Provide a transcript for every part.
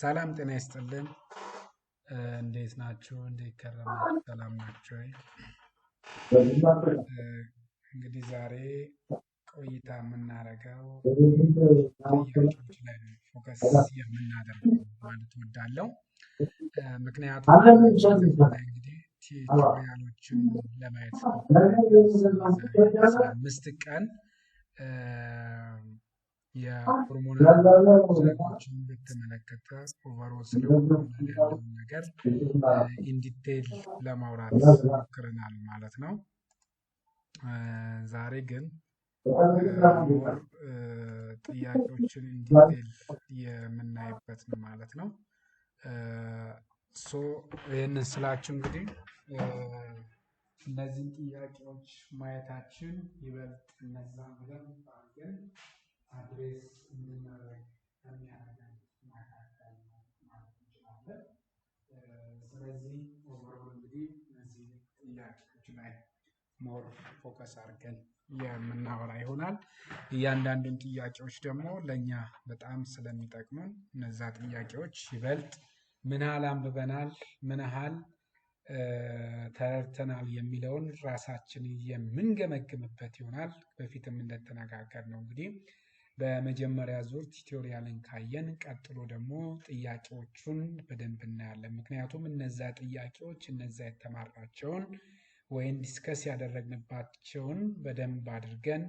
ሰላም ጤና ይስጥልን። እንዴት ናችሁ? እንዴት ከረማችሁ? ሰላም ናችሁ? እንግዲህ ዛሬ ቆይታ የምናደርገው ጥያቄዎች ላይ ፎከስ የምናደርገው ማለት ወዳለው ምክንያቱም እንግዲህ ቲዩቶሪያሎችን ለማየት አምስት ቀን የሆርሞን ስለቆችን በተመለከተ ኦቨሮ ስለሆነ ነገር ኢንዲቴይል ለማውራት ሞክረናል ማለት ነው። ዛሬ ግን ጥያቄዎችን ኢንዲቴይል የምናይበት ነው ማለት ነው። ሶ ይህንን ስላችሁ እንግዲህ እነዚህን ጥያቄዎች ማየታችን ይበልጥ እነዛን ብለን አድሬስ እንድናደርግ ከሚያደርገን መካከል ማለት እንችላለን። ስለዚህ ኦቨርኦል እንግዲህ እነዚህ ጥያቄዎች ላይ ሞር ፎከስ አድርገን የምናወራ ይሆናል። እያንዳንዱን ጥያቄዎች ደግሞ ለእኛ በጣም ስለሚጠቅሙን እነዛ ጥያቄዎች ይበልጥ ምን ያህል አንብበናል፣ ምን ያህል ተረድተናል የሚለውን ራሳችን የምንገመግምበት ይሆናል። በፊትም እንደተነጋገር ነው እንግዲህ በመጀመሪያ ዙር ቲዩቶሪያልን ካየን ቀጥሎ ደግሞ ጥያቄዎቹን በደንብ እናያለን። ምክንያቱም እነዛ ጥያቄዎች እነዛ የተማርናቸውን ወይም ዲስከስ ያደረግንባቸውን በደንብ አድርገን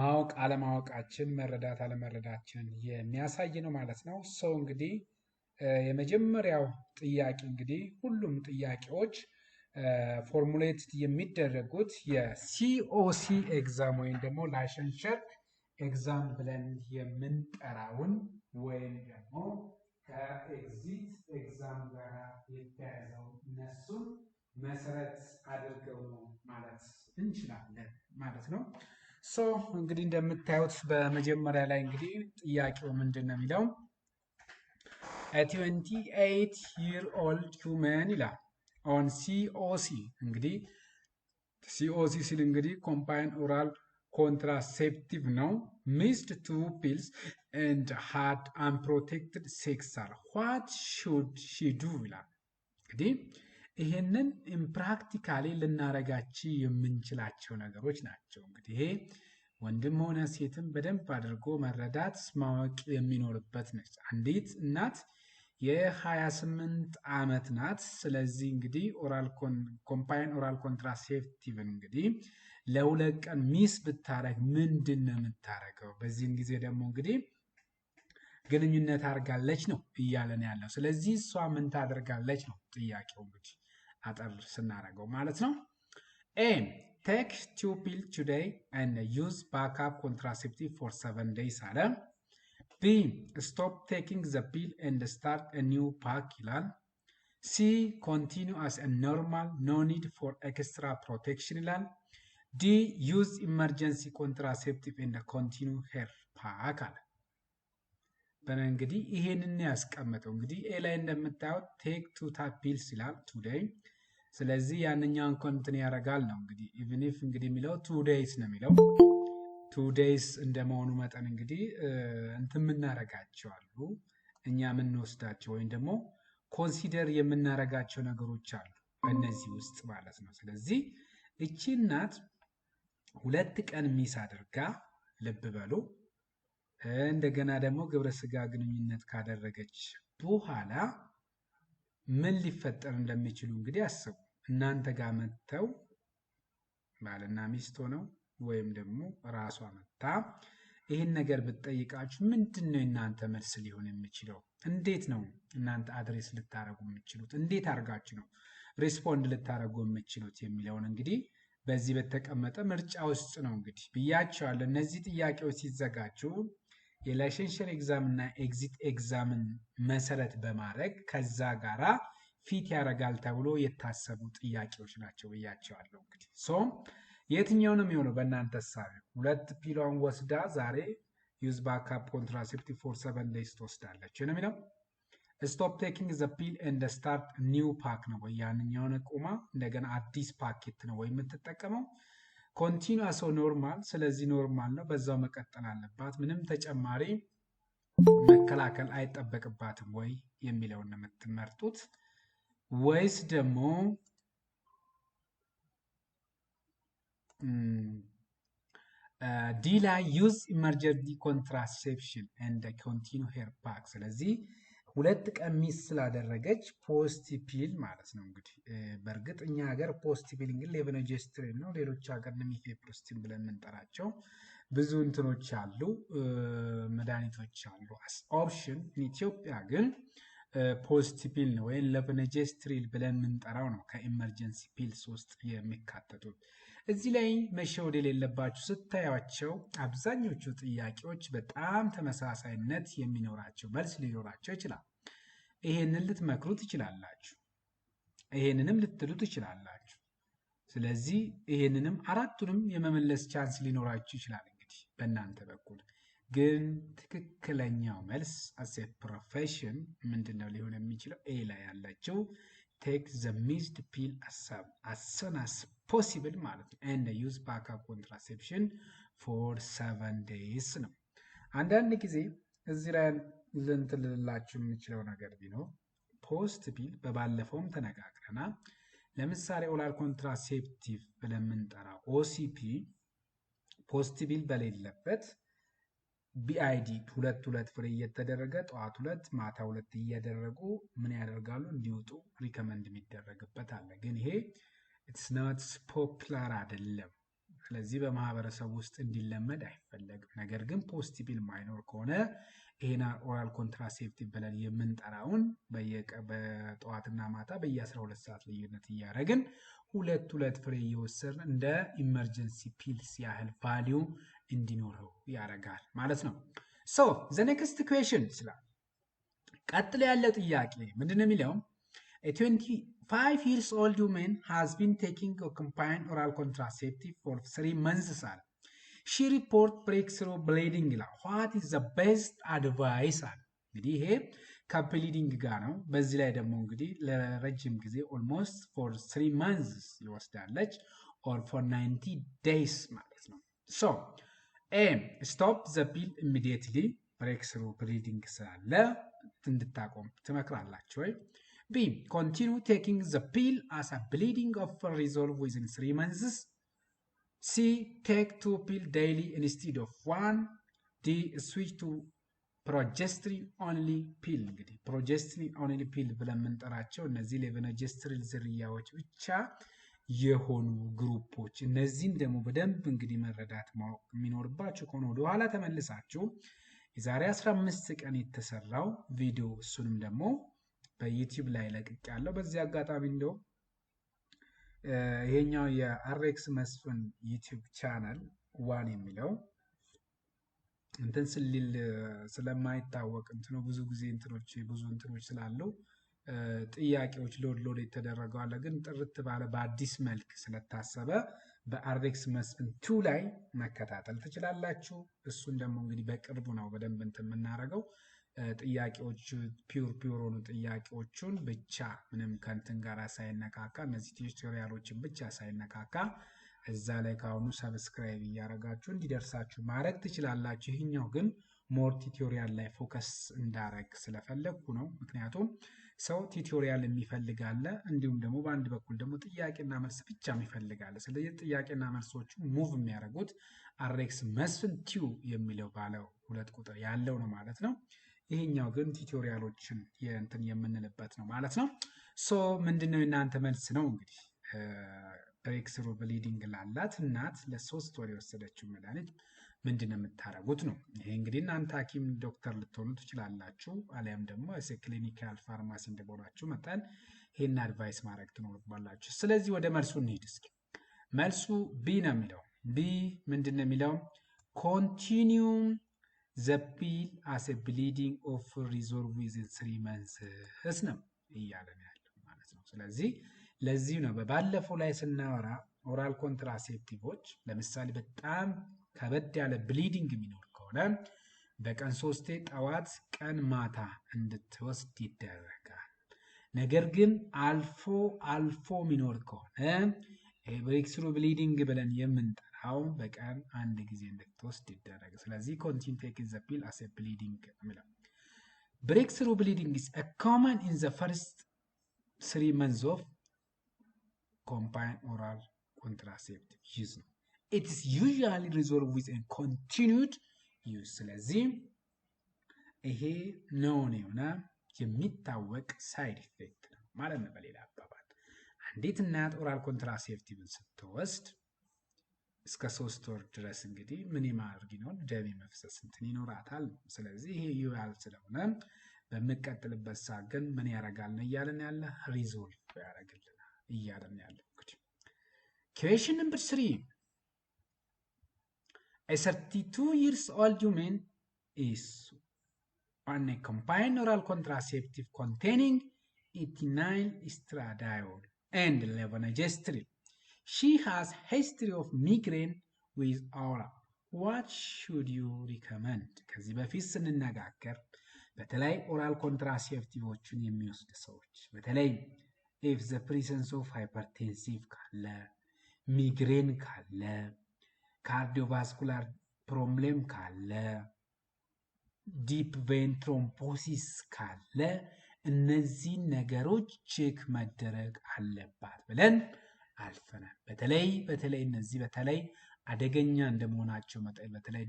ማወቅ አለማወቃችን፣ መረዳት አለመረዳችን የሚያሳይ ነው ማለት ነው። ሰው እንግዲህ የመጀመሪያው ጥያቄ እንግዲህ ሁሉም ጥያቄዎች ፎርሙሌት የሚደረጉት የሲኦሲ ኤግዛም ወይም ደግሞ ላይሰንሸር ኤግዛም ብለን የምንጠራውን ወይም ደግሞ ከኤግዚት ኤግዛም ጋር የተያዘው እነሱን መሰረት አድርገው ነው ማለት እንችላለን ማለት ነው። ሶ እንግዲህ እንደምታዩት በመጀመሪያ ላይ እንግዲህ ጥያቄው ምንድን ነው የሚለው ትዌንቲ ኤይት ይር ኦልድ ሂውመን ይላል ኦን ሲኦሲ እንግዲህ ሲኦሲ ሲል እንግዲህ ኮምፓይን ኦራል contraceptive ነው። missed two pills, and had unprotected sex are what should she do ይላል። እንግዲህ ይሄንን ኢምፕራክቲካሊ ልናረጋቸው የምንችላቸው ነገሮች ናቸው። እንግዲህ ወንድም ሆነ ሴትም በደንብ አድርጎ መረዳት ማወቅ የሚኖርበት ነች። አንዲት እናት የ28 ዓመት ናት። ስለዚህ እንግዲህ ኦራል ኮምፓይን ኦራል ኮንትራሴፕቲቭን እንግዲህ ለሁለት ቀን ሚስ ብታረግ ምንድን ነው የምታረገው? በዚህን ጊዜ ደግሞ እንግዲህ ግንኙነት አድርጋለች ነው እያለን ያለው። ስለዚህ እሷ ምን ታደርጋለች ነው ጥያቄው እንግዲህ አጠር ስናደርገው ማለት ነው። ኤ ቴክ ቱ ፒል ቱዴይ ኤንድ ዩዝ ባካፕ ኮንትራሴፕቲቭ ፎር ሰቨን ዴይስ አለ። ቢ ስቶፕ ቴኪንግ ዘ ፒል ኤንድ ስታርት ኒው ፓክ ይላል። ሲ ኮንቲኒ አስ ኖርማል ኖ ኒድ ፎር ኤክስትራ ፕሮቴክሽን ይላል። ዲ ዩዝ ኢመርጀንሲ contraceptive and continued her pack አለ። በምን እንግዲህ ይሄንን ያስቀመጠው እንግዲህ ኤ ላይ እንደምታዩት ቴክ ቱ ታፕ ይላል ቱዴይ። ስለዚህ ያንኛውን ኮንትን ያደርጋል ነው እንግዲህ ኢቭን ኢፍ እንግዲህ የሚለው ቱዴይስ ነው የሚለው ቱዴይስ እንደመሆኑ መጠን እንግዲህ እንትን የምናደርጋቸው አሉ እኛ የምንወስዳቸው ወይም ደግሞ ኮንሲደር የምናደርጋቸው ነገሮች አሉ በእነዚህ ውስጥ ማለት ነው። ስለዚህ እቺ እናት ሁለት ቀን ሚስ አድርጋ ልብ በሉ እንደገና ደግሞ ግብረ ስጋ ግንኙነት ካደረገች በኋላ ምን ሊፈጠር እንደሚችሉ እንግዲህ አስቡ። እናንተ ጋር መጥተው ባልና ሚስት ሆነው ወይም ደግሞ ራሷ መጥታ ይህን ነገር ብትጠይቃችሁ ምንድን ነው የእናንተ መልስ ሊሆን የሚችለው? እንዴት ነው እናንተ አድሬስ ልታደረጉ የምችሉት? እንዴት አድርጋችሁ ነው ሪስፖንድ ልታደረጉ የምችሉት የሚለውን እንግዲህ በዚህ በተቀመጠ ምርጫ ውስጥ ነው እንግዲህ ብያቸዋለሁ። እነዚህ ጥያቄዎች ሲዘጋጁ የላይሰንሸር ኤግዛም እና ኤግዚት ኤግዛምን መሰረት በማድረግ ከዛ ጋራ ፊት ያደርጋል ተብሎ የታሰቡ ጥያቄዎች ናቸው ብያቸዋለሁ። እንግዲህ ሶ የትኛው ነው የሚሆነው? በእናንተ ሳቢ ሁለት ፒሏን ወስዳ ዛሬ ዩዝ ባካፕ ኮንትራሴፕቲቭ ፎር ሰቨን ዴይስ ትወስዳለች ነው የሚለው ስቶፕ ቴኪንግ ዘ ፒል እንደ ስታርት ኒው ፓክ ነው ወይ ያንኛውን ቁማ እንደገና አዲስ ፓኬት ነው ወይ የምትጠቀመው ኮንቲኒስ ኖርማል ስለዚህ ኖርማል ነው በዛው መቀጠል አለባት ምንም ተጨማሪ መከላከል አይጠበቅባትም ወይ የሚለውን የምትመርጡት ወይስ ደግሞ ዲላ ዩዝ ኢመርጀንሲ ኮንትራሴፕሽን እንደ ኮንቲኒ ሄር ፓክ ስለዚህ ሁለት ቀሚስ ስላደረገች ፖስት ፒል ማለት ነው። እንግዲህ በእርግጥ እኛ ሀገር ፖስት ፒል እንግዲህ ሌቨነጀስትሪን ነው። ሌሎች ሀገር ነሚፌፕሮስቲን ብለን የምንጠራቸው ብዙ እንትኖች አሉ፣ መድኃኒቶች አሉ። ኦፕሽን ኢትዮጵያ ግን ፖስት ፒል ነው ወይም ለቨነጀስትሪል ብለን የምንጠራው ነው። ከኢመርጀንሲ ፒልስ ውስጥ የሚካተቱት እዚህ ላይ መሸወድ የሌለባችሁ ስታያቸው አብዛኞቹ ጥያቄዎች በጣም ተመሳሳይነት የሚኖራቸው መልስ ሊኖራቸው ይችላል። ይሄንን ልትመክሩ ትችላላችሁ። ይሄንንም ልትሉ ትችላላችሁ። ስለዚህ ይሄንንም አራቱንም የመመለስ ቻንስ ሊኖራችሁ ይችላል። እንግዲህ በእናንተ በኩል ግን ትክክለኛው መልስ አሴ ፕሮፌሽን ምንድን ነው ሊሆን የሚችለው? ኤ ላይ ያላቸው ቴክ ዘ ሚዝድ ፒል አሰናስብ ፖሲብል ማለት ነው። ኤንድ ዩዝ ባካፕ ኮንትራሴፕሽን ፎር ሰቨን ዴይስ ነው። አንዳንድ ጊዜ እዚህ ላይ ልንትን የምችለው ነገር ቢኖር ፖስት ቢል በባለፈውም ተነጋግረና ለምሳሌ ኦራል ኮንትራሴፕቲቭ ብለን የምንጠራ ኦሲፒ ፖስት ቢል በሌለበት ቢአይዲ ሁለት ሁለት ፍሬ እየተደረገ ጠዋት ሁለት ማታ ሁለት እያደረጉ ምን ያደርጋሉ እንዲወጡ ሪከመንድ የሚደረግበት አለ። ግን ይሄ ኢትስ ኖት ፖፕላር አይደለም። ስለዚህ በማህበረሰብ ውስጥ እንዲለመድ አይፈለግም። ነገር ግን ፖስቲቪል ማይኖር ከሆነ ይሄን ኦራል ኮንትራሴፕቲቭ ብለን የምንጠራውን በጠዋትና ማታ በየ12 ሰዓት ልዩነት እያደረግን ሁለት ሁለት ፍሬ እየወሰድን እንደ ኢመርጀንሲ ፒልስ ያህል ቫሊዩ እንዲኖረው ያደርጋል ማለት ነው። ሶ ዘ ኔክስት ኩዌሽን ስላል ቀጥሎ ያለው ጥያቄ ምንድን ነው የሚለውም A 25 years old woman has been taking a combined oral contraceptive for three months. Sir. She report breakthrough bleeding ይላል። ዋት ኢዝ ዘ ቤስት አድቫይስ አለ። እንግዲህ ይሄ ከብሊዲንግ ጋር ነው። በዚህ ላይ ደግሞ እንግዲህ ለረጅም ጊዜ ኦልሞስት ፎር ስሪ መንዝስ ይወስዳለች ኦር ፎር ናይንቲ ዴይስ ማለት ነው። ሶ ኤ ስቶፕ ዘ ፒል ኢሚዲየትሊ ብሬክ ስሩ ብሊዲንግ ስላለ እንድታቆም ትመክራላችሁ ወይ? B. Continue taking the pill as a bleeding of resolve within three months. C. Take two pills daily instead of one. D. Switch to ፕሮጀስትሪን ኦንሊ ፒል እንግዲህ ፕሮጀስትሪን ኦንሊ ፒል ብለን የምንጠራቸው እነዚህ ለቬነጀስትሪን ዝርያዎች ብቻ የሆኑ ግሩፖች እነዚህን ደግሞ በደንብ እንግዲህ መረዳት ማወቅ የሚኖርባችሁ ከሆነ ወደኋላ ተመልሳችሁ የዛሬ 15 ቀን የተሰራው ቪዲዮ እሱንም ደግሞ በዩቲዩብ ላይ ለቅቅ ያለው በዚህ አጋጣሚ እንደው ይሄኛው የአሬክስ መስፍን ዩቲዩብ ቻናል ዋን የሚለው እንትን ስሊል ስለማይታወቅ እንትኑ ብዙ ጊዜ እንትኖች ብዙ እንትኖች ስላሉ ጥያቄዎች ሎድ ሎድ የተደረገው አለ። ግን ጥርት ባለ በአዲስ መልክ ስለታሰበ በአሬክስ መስፍን ቱ ላይ መከታተል ትችላላችሁ። እሱን ደግሞ እንግዲህ በቅርቡ ነው በደንብ እንትን የምናደርገው። ጥያቄዎች ፒውር ፒውር ሆኑ ጥያቄዎቹን ብቻ ምንም ከንትን ጋር ሳይነካካ እነዚህ ቲዩቶሪያሎችን ብቻ ሳይነካካ እዛ ላይ ከአሁኑ ሰብስክራይብ እያደረጋችሁ እንዲደርሳችሁ ማድረግ ትችላላችሁ። ይህኛው ግን ሞር ቲዩቶሪያል ላይ ፎከስ እንዳረግ ስለፈለግኩ ነው። ምክንያቱም ሰው ቲዩቶሪያል የሚፈልጋለ እንዲሁም ደግሞ በአንድ በኩል ደግሞ ጥያቄና መልስ ብቻ የሚፈልጋለ። ስለዚህ ጥያቄና መልሶቹ ሙቭ የሚያደርጉት አሬክስ መስፍን ቲዩ የሚለው ባለ ሁለት ቁጥር ያለው ነው ማለት ነው። ይሄኛው ግን ቲቶሪያሎችን እንትን የምንልበት ነው ማለት ነው። ሶ ምንድነው የእናንተ መልስ ነው እንግዲህ ብሬክስሩ ብሊዲንግ ላላት እናት ለሶስት ወር የወሰደችው መድኃኒት ምንድን የምታደርጉት ነው? ይሄ እንግዲህ እናንተ ሐኪም ዶክተር ልትሆኑ ትችላላችሁ፣ አሊያም ደግሞ ክሊኒካል ፋርማሲ እንደሆናችሁ መጠን ይሄን አድቫይስ ማድረግ ትኖርባላችሁ። ስለዚህ ወደ መልሱ እንሄድ እስኪ። መልሱ ቢ ነው የሚለው ቢ ምንድን ነው የሚለው ኮንቲኒዩም the bill ብሊዲንግ ኦፍ bleeding of ስሪ within three months ነው እያለን ያለው ማለት ነው። ስለዚህ ለዚህ ነው በባለፈው ላይ ስናወራ ኦራል ኮንትራሴፕቲቮች ለምሳሌ በጣም ከበድ ያለ ብሊዲንግ የሚኖር ከሆነ በቀን ሶስቴ ጠዋት፣ ቀን፣ ማታ እንድትወስድ ይደረጋል። ነገር ግን አልፎ አልፎ የሚኖር ከሆነ ብሬክስሩ ብሊዲንግ ብለን የምንጠራው በቀን አንድ ጊዜ እንድትወስድ ይደረግ። ስለዚህ ኮንቲን ቴክን ዘ ፒል አሴ ብሊዲንግ ምለው። ብሬክስሩ ብሊዲንግ ስ ኮመን ኢን ዘ ፈርስት ስሪ መንዝ ኦፍ ኮምባይን ኦራል ኮንትራሴፕቲቭ ዩዝ ነው። ኢትስ ዩዥዋሊ ሪዞልቭ ዊዝ ኮንቲኒድ ዩዝ። ስለዚህ ይሄ ነውን የሆነ የሚታወቅ ሳይድ ኢፌክት ነው ማለት ነው በሌላ አባባል አንዲት እናት ኦራል ኮንትራሴፕቲቭን ስትወስድ እስከ ሶስት ወር ድረስ እንግዲህ ምን የማድረግ ይኖር ደም የመፍሰስ እንትን ይኖራታል። ስለዚህ ይሄ ዩያል ስለሆነ በምቀጥልበት ሰዓት ግን ምን ያደርጋል ነው እያለን ያለ ሪዞልቭ ያደርግልናል እያለን ያለ እንግዲህ ኩዌሽን ነምበር ስሪ ሰርቲ ቱ ይርስ ኦልድ ዩሜን ኢስ ኦን ኤ ኮምፓይንድ ኦራል ኮንትራሴፕቲቭ ኮንቴኒንግ ኢቲናይል ኢስትራዳዮል and levonorgestrel. She has history of migraine with aura. ዋት ሹድ ዩ ሪከመንድ? ከዚህ በፊት ስንነጋገር በተለይ ኦራል ኮንትራሴፕቲቮችን የሚወስድ ሰዎች በተለይ ኢፍ ዘ ፕሪሰንስ ኦፍ ሃይፐርቴንሲቭ ካለ፣ ሚግሬን ካለ፣ ካርዲዮቫስኩላር ፕሮብሌም ካለ፣ ዲፕ ቬን ትሮምቦሲስ ካለ እነዚህን ነገሮች ቼክ መደረግ አለባት ብለን አልፈናል። በተለይ በተለይ እነዚህ በተለይ አደገኛ እንደመሆናቸው መጠን በተለይ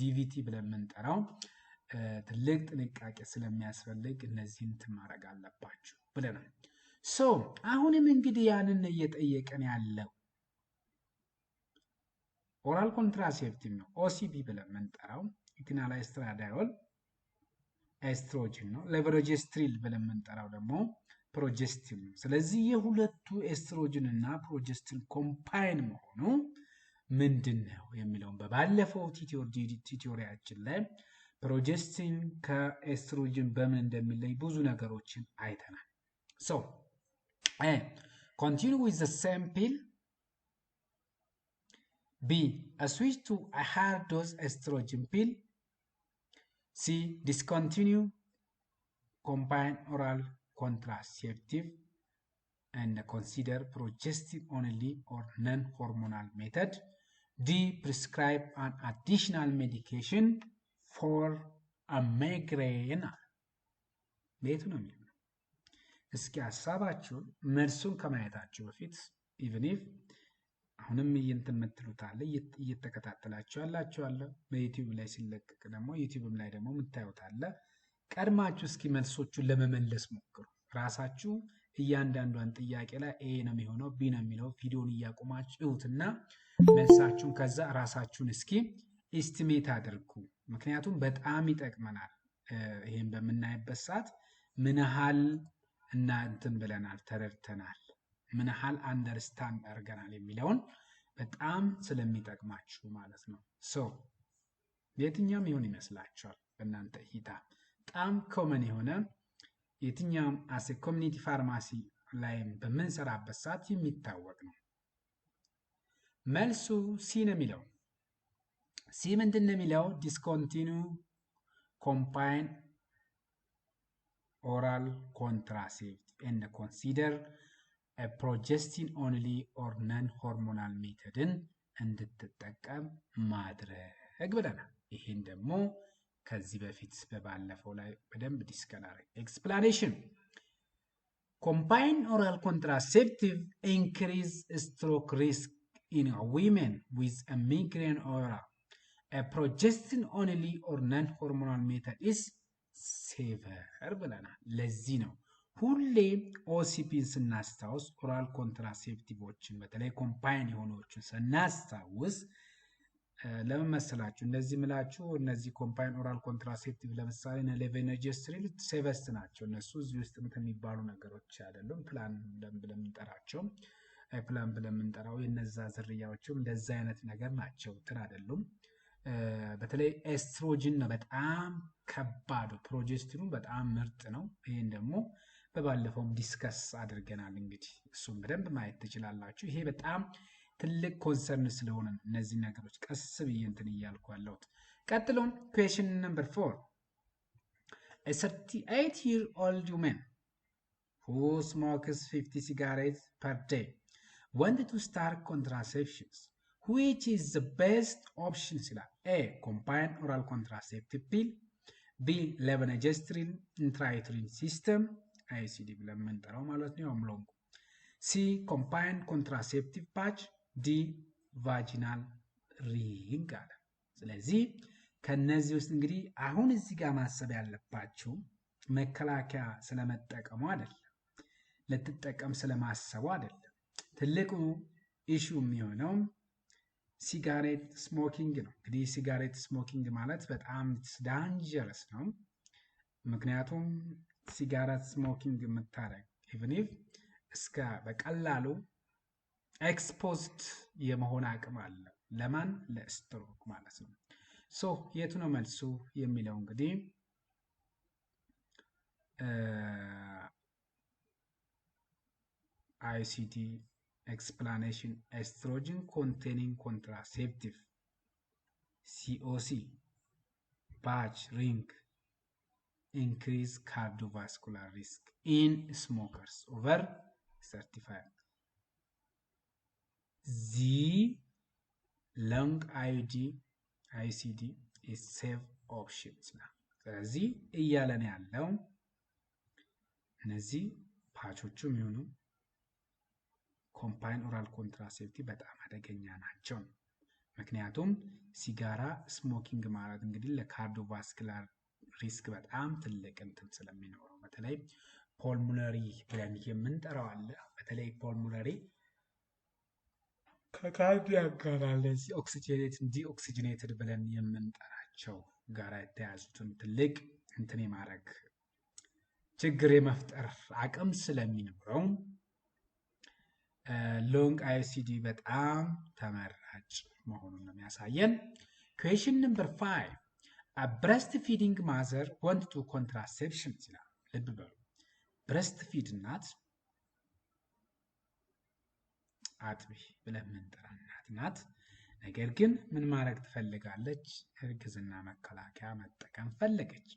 ዲቪቲ ብለን የምንጠራው ትልቅ ጥንቃቄ ስለሚያስፈልግ እነዚህን ትማረግ አለባችሁ ብለናል። ሶ አሁንም እንግዲህ ያንን እየጠየቀን ያለው ኦራል ኮንትራሴፕቲቭ ነው፣ ኦሲፒ ብለን የምንጠራው ኢቲናላይስትራዳዮል ኤስትሮጅን ነው። ለፕሮጀስትሪል ብለን የምንጠራው ደግሞ ፕሮጀስቲን ነው። ስለዚህ የሁለቱ ኤስትሮጅን እና ፕሮጀስቲን ኮምፓይን መሆኑ ምንድን ነው የሚለውን በባለፈው ቲቶሪያችን ላይ ፕሮጀስቲን ከኤስትሮጅን በምን እንደሚለይ ብዙ ነገሮችን አይተናል። ሶ ኮንቲኒ ዊዝ ዘ ቢ ስዊች ቱ ሃርድ ዶዝ ኤስትሮጅን ፒል C. Discontinue combined oral contraceptive and consider progestin only or non-hormonal method. D. Prescribe an additional medication for a migraine ቤቱ ነው የሚሆነው። እስኪ ሀሳባችሁን መልሱን ከማየታችሁ በፊት ኢቭን ኢፍ አሁንም እይንት የምትሉት አለ እየተከታተላችሁ ያላችሁ አለ። በዩቲዩብ ላይ ሲለቀቅ ደግሞ ዩቲዩብም ላይ ደግሞ የምታዩት አለ። ቀድማችሁ እስኪ መልሶቹን ለመመለስ ሞክሩ። ራሳችሁ እያንዳንዷን ጥያቄ ላይ ኤ ነው የሚሆነው ቢ ነው የሚለው ቪዲዮን እያቆማችሁ እና መልሳችሁን ከዛ ራሳችሁን እስኪ ኢስቲሜት አድርጉ። ምክንያቱም በጣም ይጠቅመናል። ይህም በምናይበት ሰዓት ምን ያህል እና እንትን ብለናል ተረድተናል ምን ያህል አንደርስታንድ አድርገናል የሚለውን በጣም ስለሚጠቅማችሁ ማለት ነው። ሶ የትኛውም ይሆን ይመስላችኋል በእናንተ እይታ በጣም ኮመን የሆነ የትኛውም አሴ ኮሚኒቲ ፋርማሲ ላይም በምንሰራበት ሰዓት የሚታወቅ ነው። መልሱ ሲ ነው የሚለው ሲ ምንድን ነው የሚለው ዲስኮንቲኒ ኮምፓይን ኦራል ኮንትራሴፕቲቭ ኤንድ ኮንሲደር ፕሮጀስቲን ኦንሊ ኦር ነን ሆርሞናል ሜተድን እንድትጠቀም ማድረግ ብለናል። ይሄን ደግሞ ከዚህ በፊት በባለፈው ላይ በደንብ ዲስከስ ኤክስፕላኔሽን ኮምባይን ኦራል ኮንትራሴፕቲቭ ኢንክሪዝ ስትሮክ ሪስክ ኢን ዊሜን ዊዝ ሚግሬን ኦራ ፕሮጀስቲን ኦንሊ ኦር ነን ሆርሞናል ሜተድ ኢስ ሴቨር ብለናል። ለዚህ ነው ሁሌ ኦሲፒን ስናስታውስ ኦራል ኮንትራሴፕቲቮችን በተለይ ኮምፓይን የሆነዎችን ስናስታውስ ለምን መሰላችሁ? እነዚህ ምላችሁ እነዚህ ኮምፓይን ኦራል ኮንትራሴፕቲቭ ለምሳሌ ሌቬነጀስትሪን ሴቨስት ናቸው። እነሱ እዚህ ውስጥ ምት የሚባሉ ነገሮች አይደሉም። ፕላን ብለን ብለምንጠራቸው ፕላን ብለን የምንጠራው የነዛ ዝርያዎችም እንደዚ አይነት ነገር ናቸው። እንትን አይደሉም። በተለይ ኤስትሮጅን ነው በጣም ከባዱ። ፕሮጀስቲኑ በጣም ምርጥ ነው። ይህን ደግሞ በባለፈውም ዲስከስ አድርገናል። እንግዲህ እሱም በደንብ ማየት ትችላላችሁ። ይሄ በጣም ትልቅ ኮንሰርን ስለሆነ እነዚህ ነገሮች ቀስ ብዬ እንትን እያልኩ ያለሁት። ቀጥሎም ኩዌሽን ነምበር ፎር ሰርቲ ኤይት ይር ኦልድ ውሜን ሁ ስሞክስ ፊፍቲ ሲጋሬት ፐር ዴይ ወንት ቱ ስታርት ኮንትራሴፕሽንስ ዊች ኢዝ ዘ ቤስት ኦፕሽን ይላል። ኤ ኮምባይን ኦራል ኮንትራሴፕቲቭ ፒል፣ ቢ ሌቨነጀስትሪን ኢንትራዩትሪን ሲስተም አይሲዲ ብለን የምንጠራው ማለት ነው። ያውም ሎንጉ። ሲ ኮምፓይን ኮንትራሴፕቲቭ ፓች፣ ዲ ቫጂናል ሪንግ አለ። ስለዚህ ከነዚህ ውስጥ እንግዲህ አሁን እዚህ ጋር ማሰብ ያለባችሁ መከላከያ ስለመጠቀሙ አይደለም፣ ልትጠቀም ስለማሰቡ አይደለም። ትልቁ ኢሹ የሚሆነው ሲጋሬት ስሞኪንግ ነው። እንግዲህ ሲጋሬት ስሞኪንግ ማለት በጣም ዳንጀረስ ነው። ምክንያቱም ሲጋራት ስሞኪንግ የምታደረግ ኢቭኒቭ እስከ በቀላሉ ኤክስፖዝድ የመሆን አቅም አለ። ለማን ለስትሮክ ማለት ነው። ሶ የቱ ነው መልሱ የሚለው እንግዲህ አይሲቲ ኤክስፕላኔሽን ኤስትሮጅን ኮንቴኒንግ ኮንትራሴፕቲቭ ሲኦሲ ባች ሪንግ increase cardiovascular risk in smokers over 35. z lung IUD ICD is safe option ስለዚህ እያለን ያለው እነዚህ ፓቾቹም ይሁኑ ኮምፓይን ኦራል ኮንትራሴፕቲ በጣም አደገኛ ናቸው። ምክንያቱም ሲጋራ ስሞኪንግ ማለት እንግዲህ ለካርዲዮቫስኩላር ሪስክ በጣም ትልቅ እንትን ስለሚኖረው በተለይ ፖልሙነሪ ብለን የምንጠራው አለ። በተለይ ፖልሙነሪ ከካርዲያክ ጋር እነዚህ ዲኦክሲጅኔትድ ብለን የምንጠራቸው ጋር የተያዙትን ትልቅ እንትን የማድረግ ችግር የመፍጠር አቅም ስለሚኖረው ሎንግ አይሲዲ በጣም ተመራጭ መሆኑን ነው የሚያሳየን። ኩዌሽን ነምበር ፋይቭ አ ብረስት ፊዲንግ ማዘር ወንት ቱ ኮንትራሴፕሽን ይላል። ልብ በሉ ብረስት ፊድ እናት አጥቢ ብለን ምንጠራ እናት ናት። ነገር ግን ምን ማድረግ ትፈልጋለች? እርግዝና መከላከያ መጠቀም ፈለገች።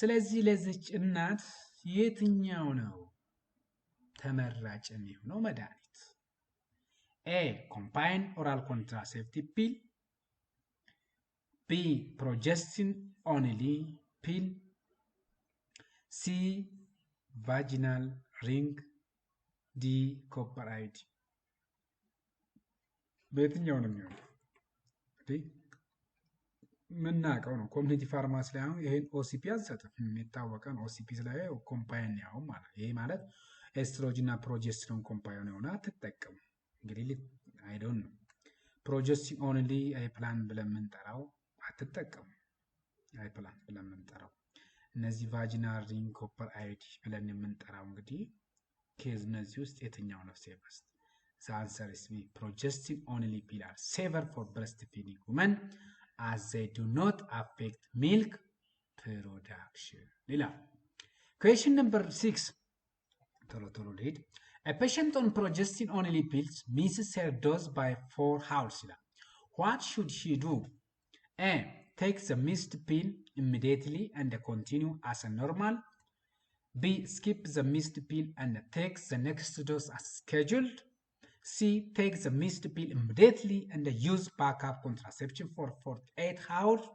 ስለዚህ ለዚች እናት የትኛው ነው ተመራጭ የሚሆነው መድኃኒት? ኤ ኮምፓይን ኦራል ኮንትራሴፕቲቭ ፒል ቢ progestin only pill ሲ ቫጂናል ሪንግ ዲ ኮፐር አይድ በየትኛው ነው የሚሆነው? የምናውቀው ነው። ኮሚኒቲ ፋርማሲ ላይ አሁን ይህን ኦሲፒ አንሰጥም። የሚታወቀን ኦሲፒ ላይ ኮምፓይን ያው ማለት ይሄ ማለት ኤስትሮጅን እና ፕሮጀስትሮን ኮምፓይን የሆነ አትጠቀሙ። እንግዲህ አይዶን ነው ፕሮጀስቲን ኦንሊ አይፕላን ብለን የምንጠራው አትጠቀሙ። አይፕላንት ብለን የምንጠራው እነዚህ ቫጂናል ሪንግ ኮፐር አይዲ ብለን የምንጠራው እንግዲህ ኬዝ እነዚህ ውስጥ የትኛው ነው ሴቨስት? ዛንሰር ስቢ ፕሮጀስቲን ኦንሊ ፒላር ሴቨር ፎር ብረስት ፊዲንግ ውመን አዝ ዘይ ዱ ኖት አፌክት ሚልክ ፕሮዳክሽን ይላል። ኩዌሽን ነምበር ሲክስ ቶሎ ቶሎ ልሄድ A ኦን ፕሮጀስቲን ኦንሊ ፒልስ ሚስስ ሄር ዶዝ ባይ by four hours. ዋት ሹድ ሺ ዱ A. Take the missed pill immediately and continue as normal. B. Skip the missed pill and take the next dose as scheduled. C. Take the missed pill immediately and use backup contraception for 48 hours።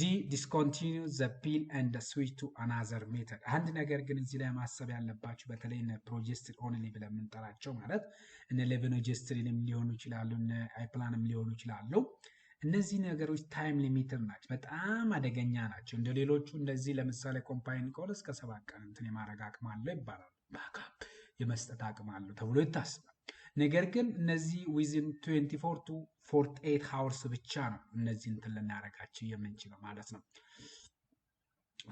ዲ ዲስኮንቲኒ ዘ ፒል ኤንድ ስዊች ቱ አናዘር ሜተድ። አንድ ነገር ግን እዚህ ላይ ማሰብ ያለባችሁ በተለይ ፕሮጀስትሪ ኦንሊ ብለን የምንጠራቸው ማለት እነ ሌቨኖጀስትሪንም ሊሆኑ ይችላሉ፣ እነ አይፕላንም ሊሆኑ ይችላሉ። እነዚህ ነገሮች ታይም ሊሚትር ናቸው፣ በጣም አደገኛ ናቸው። እንደ ሌሎቹ እንደዚህ ለምሳሌ ኮምፓይን ከሆነ እስከ ሰባት ቀን እንትን የማድረግ አቅም አለው ይባላል። ባካፕ የመስጠት አቅም አለው ተብሎ ይታስባል። ነገር ግን እነዚህ ዊዝን 24 ቱ 48 ብቻ ነው እነዚህ እንትን ልናደርጋቸው የምንችለው ማለት ነው።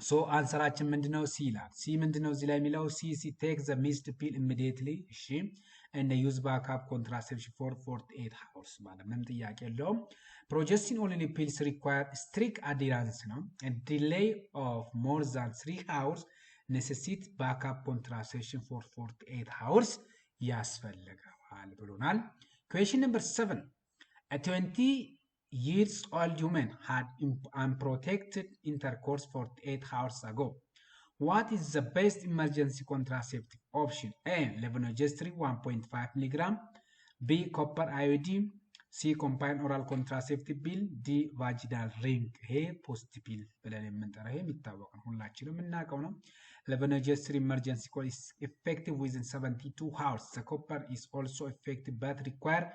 ሶ አንሰራችን ምንድነው? ሲ ይላል። ሲ ምንድነው እዚህ ላይ የሚለው ሲ ሲ ቴክ ዘ ሚስድ ፒል ኢሚዲየትሊ። እሺ and they use backup contraception for 48 hours. But progestin only pills require strict adherence no? and delay of more than three hours necessitates backup contraception for 48 hours. Yes, question number seven a 20 years old woman had unprotected intercourse for 48 hours ago. What is the best emergency contraceptive option? A. Levonorgestrel 1.5 mg B. Copper IOD ሲ Combined ኦራል contraceptive ቢል ዲ Vaginal ring ይሄ ፖስት ቢል ብለን የምንጠራ ይሄ የሚታወቅ ነው፣ ሁላችንም የምናውቀው ነው። ለቨኖጀስትሪ ኢመርጀንሲ ኮል ኢስ ኤፌክቲቭ ዊዝን 72 ሃውርስ ዘ ኮፐር ኢስ ኦልሶ ኤፌክቲቭ በት ሪኳየር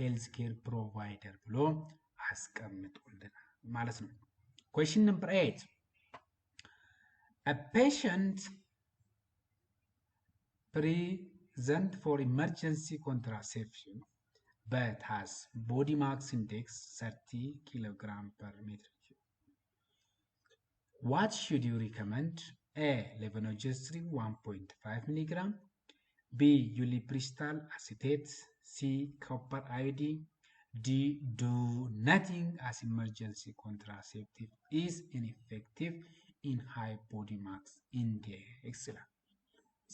ሄልዝ ኬር ፕሮቫይደር ብሎ አስቀምጦልናል ማለት ነው። ኩዌሽን ነምበር A patient present for emergency contraception but has body mass index 30 kg per meter cube. What should you recommend? A. Levonorgestrel 1.5 mg, B. Ulipristal acetate. C. Copper iodine. D. Do nothing as emergency contraceptive is ineffective in high body mass index ይላል።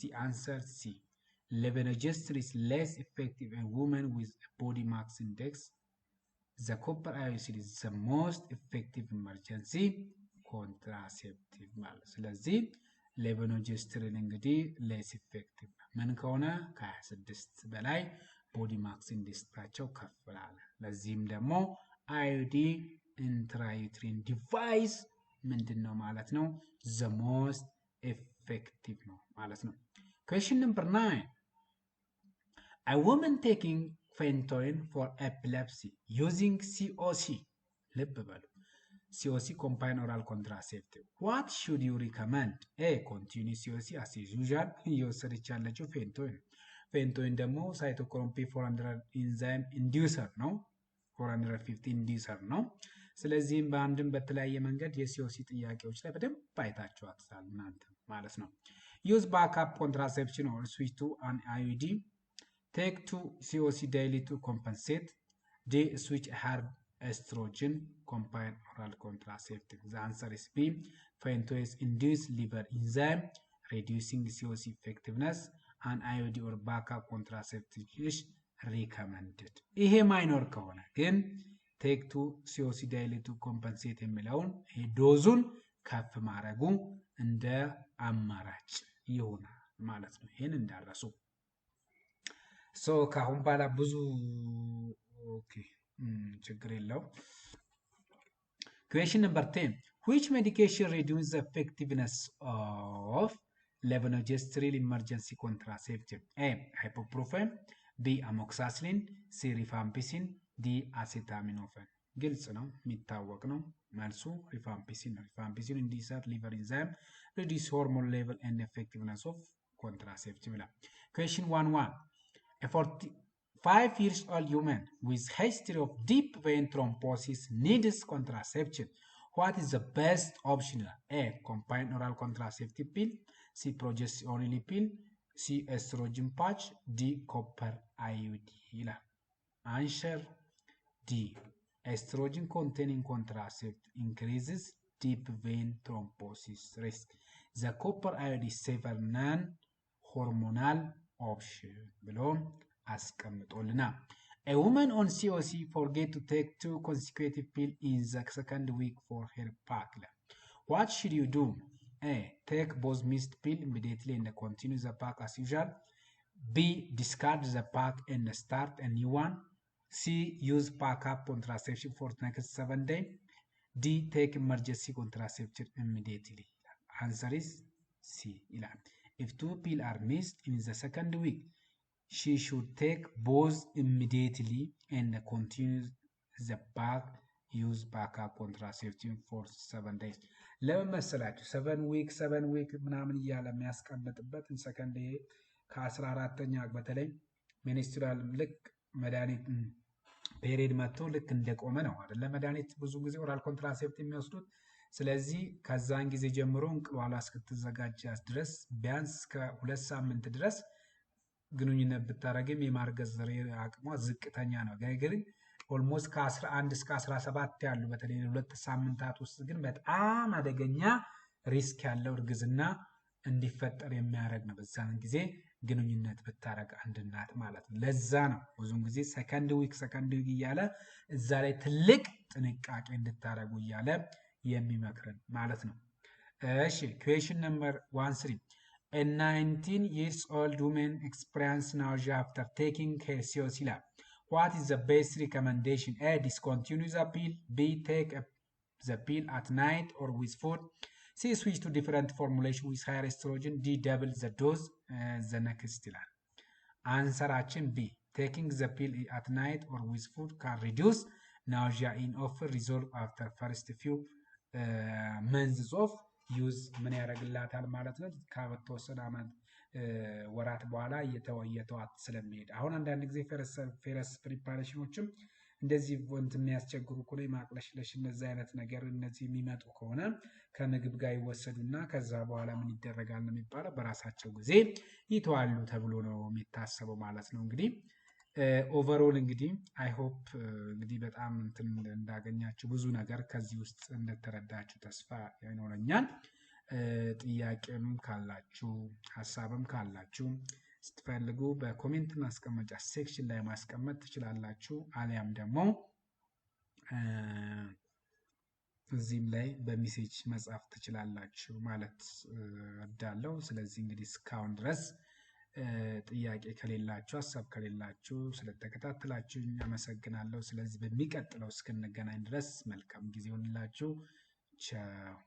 the answer C levonorgestrel is less effective in women with a body mass index the copper iodide is the most effective emergency ኮንትራሴፕቲቭ ማለት ስለዚህ ሌቮኖጀስትሪን እንግዲህ ሌስ ኢፌክቲቭ ምን ከሆነ ከ26 በላይ ቦዲ ማክስ ኢንዴክሳቸው ከፍ ላለ ለዚህም ደግሞ አዮዲ ኢንትራዩትሪን ዲቫይስ ምንድን ነው ማለት ነው? ዘ ሞስት ኤፌክቲቭ ነው ማለት ነው። ኩዌሽን ነምበር ናይን አ ወመን ቴኪንግ ፌንቶይን ፎር ኤፒሌፕሲ ዩዚንግ ሲኦሲ ልብ በሉ ሲኦሲ ኮምፓይን ኦራል ኮንትራሴፕቲቭ ዋት ሹድ ዩ ሪኮመንድ ኤ ኮንቲኒ ሲኦሲ አስ ዩዣል እየወሰደች ያለችው ፌንቶይን ፌንቶይን ደግሞ ሳይቶክሮም ፒ 400 ኢንዛይም ኢንዲውሰር ነው 450 ኢንዲውሰር ነው ስለዚህም በአንድም በተለያየ መንገድ የሲኦሲ ጥያቄዎች ላይ በደንብ አይታችኋታል እናንተ ማለት ነው። ዩዝ ባካፕ ኮንትራሴፕሽን ኦር ስዊች ቱ አን አይዩዲ ቴክ ቱ ሲኦሲ ዳይሊ ቱ ኮምፐንሴት ዲ ስዊች ሃርድ ኤስትሮጅን ኮምፓይን ኦራል ኮንትራሴፕቲቭ ዘ አንሰር ኢስ ቢ ፌንቶስ ኢንዱስ ሊቨር ኢንዛይም ሬዲዩሲንግ ሲኦሲ ኢፌክቲቭነስ አን አይዩዲ ኦር ባካፕ ኮንትራሴፕቲቭ ሪከመንድድ። ይሄ ማይኖር ከሆነ ግን ቴክ ቱ ሲኦሲ ዳይሌቱ ኮምፐንሴት የሚለውን ይሄ ዶዙን ከፍ ማድረጉ እንደ አማራጭ ይሆናል ማለት ነው። ይህን እንዳረሱ ሶ ከአሁን በኋላ ብዙ ችግር የለው። ኩዌሽን ነምበር ቴን ዊች ሜዲኬሽን ሪዲዩስ ኤፌክቲቭነስ ኦፍ ሌቨኖጀስትሪል ኢመርጀንሲ ኮንትራሴፕቲቭ ኤ ሃይፖፕሮፌን ቢ አሞክሳስሊን C. Rifampicin ዲ ዲአሴታሚኖፈን ግልጽ ነው፣ የሚታወቅ ነው። መልሱ ሪፋምፒሲን ነው። ሪፋምፒሲን እንዲሰር ሊቨር ኢንዛይም ሪዲስ ሆርሞን ሌቨል ኤንድ ኤፌክቲቭነስ ኦፍ ኮንትራሴፕቲቭ ይላል። ኩዌሽን ዋን ዋን ፋይቭ ይርስ ኦልድ ዩመን ዊዝ ሂስትሪ ኦፍ ዲፕ ቬን ትሮምቦሲስ ኒድስ ኮንትራሴፕሽን ዋት ኢዝ ዘ ቤስት ኦፕሽን ኤ ኮምባይንድ ኦራል ኮንትራሴፕቲቭ ፒል፣ ሲ ፕሮጀስት ኦንሊ ፒል፣ ሲ ኤስትሮጅን ፓች፣ ዲ ኮፐር አዩዲ ይላል አንሸር D. Estrogen-containing contraceptives increases deep vein thrombosis risk. The copper iod is safe non-hormonal option ብሎ አስቀምጦልናል። A woman on COC forget to take two consecutive pills in the second week for her PACLA. What should you do? A. Take both missed pills immediately and continue the pack as usual. B. Discard the pack and start a new one. C. Use backup contraception for next seven day. D. Take emergency contraception immediately. Answer is C. If two pills are missed in the second week, she should take both immediately and continue the back use backup contraception for seven days። ለምን መሰላችሁ? ሰቨን ዊክ ሰቨን ዊክ ምናምን እያለ የሚያስቀምጥበትን ሰከንድ ከአስራ አራተኛ በተለይ ሚኒስትራል ልክ መድኃኒት ፔሬድ መጥቶ ልክ እንደቆመ ነው አይደለ? መድኃኒት ብዙ ጊዜ ኦራል ኮንትራሴፕት የሚወስዱት። ስለዚህ ከዛን ጊዜ ጀምሮ እንቅሏላ እስክትዘጋጅ ድረስ ቢያንስ ከሁለት ሳምንት ድረስ ግንኙነት ብታደረግም የማርገዝ አቅሟ ዝቅተኛ ነው። ግን ኦልሞስት ከ11 እስከ 17 ያሉ በተለይ ሁለት ሳምንታት ውስጥ ግን በጣም አደገኛ ሪስክ ያለው እርግዝና እንዲፈጠር የሚያደርግ ነው። በዛን ጊዜ ግንኙነት ብታረግ አንድ እናት ማለት ነው። ለዛ ነው ብዙን ጊዜ ሰከንድ ዊክ ሰከንድ ዊክ እያለ እዛ ላይ ትልቅ ጥንቃቄ እንድታረጉ እያለ የሚመክርን ማለት ነው። እሺ ኩዌሽን ነምበር ዋን ስሪ ናይንቲን ይርስ ኦልድ ውሜን ኤክስፒሪንስ ናውዣ አፍተር ቴኪንግ ኬሲዮስ ይላል። ዋት ኢዝ ዘ ቤስት ሪኮመንዴሽን? ኤ ዲስኮንቲኒ ዘ ፒል፣ ቢ ቴክ ዘ ፒል አት ናይት ኦር ዊዝ ፉድ፣ ሲ ስዊች ቱ ዲፈረንት ፎርሙሌሽን ዊዝ ሃየር ኤስትሮጅን፣ ዲ ደብል ዘ ዶዝ ዘነክስት ይላል። አንሰራችን ቢ ቴኪንግ ዘ ፒል አት ናይት ኦር ዊዝ ፉድ ካን ሪዲዩስ ናውዣ ኢን ኦፍ ሪዞልቭ አፍተር ፈርስት ፊው መንዝስ ኦፍ ዩዝ ምን ያደርግላታል ማለት ነው። ከተወሰነ ዓመት uh, ወራት በኋላ እየተዋት ስለሚሄድ አሁን አንዳንድ ጊዜ ፌረስ ፕሪፓሬሽኖችም እንደዚህ ቦንት የሚያስቸግሩ ቁሌ ማቅለሽለሽ፣ እነዚህ አይነት ነገር እነዚህ የሚመጡ ከሆነ ከምግብ ጋር ይወሰዱና ከዛ በኋላ ምን ይደረጋል ነው የሚባለው፣ በራሳቸው ጊዜ ይተዋሉ ተብሎ ነው የሚታሰበው ማለት ነው። እንግዲህ ኦቨሮል እንግዲህ አይሆፕ እንግዲህ በጣም እንትን እንዳገኛችሁ ብዙ ነገር ከዚህ ውስጥ እንደተረዳችሁ ተስፋ ይኖረኛል። ጥያቄም ካላችሁ ሀሳብም ካላችሁ ስትፈልጉ በኮሜንት ማስቀመጫ ሴክሽን ላይ ማስቀመጥ ትችላላችሁ። አሊያም ደግሞ እዚህም ላይ በሜሴጅ መጻፍ ትችላላችሁ ማለት እወዳለሁ። ስለዚህ እንግዲህ እስካሁን ድረስ ጥያቄ ከሌላችሁ፣ ሀሳብ ከሌላችሁ ስለተከታተላችሁ አመሰግናለሁ። ስለዚህ በሚቀጥለው እስክንገናኝ ድረስ መልካም ጊዜ ይሆንላችሁ። ቻው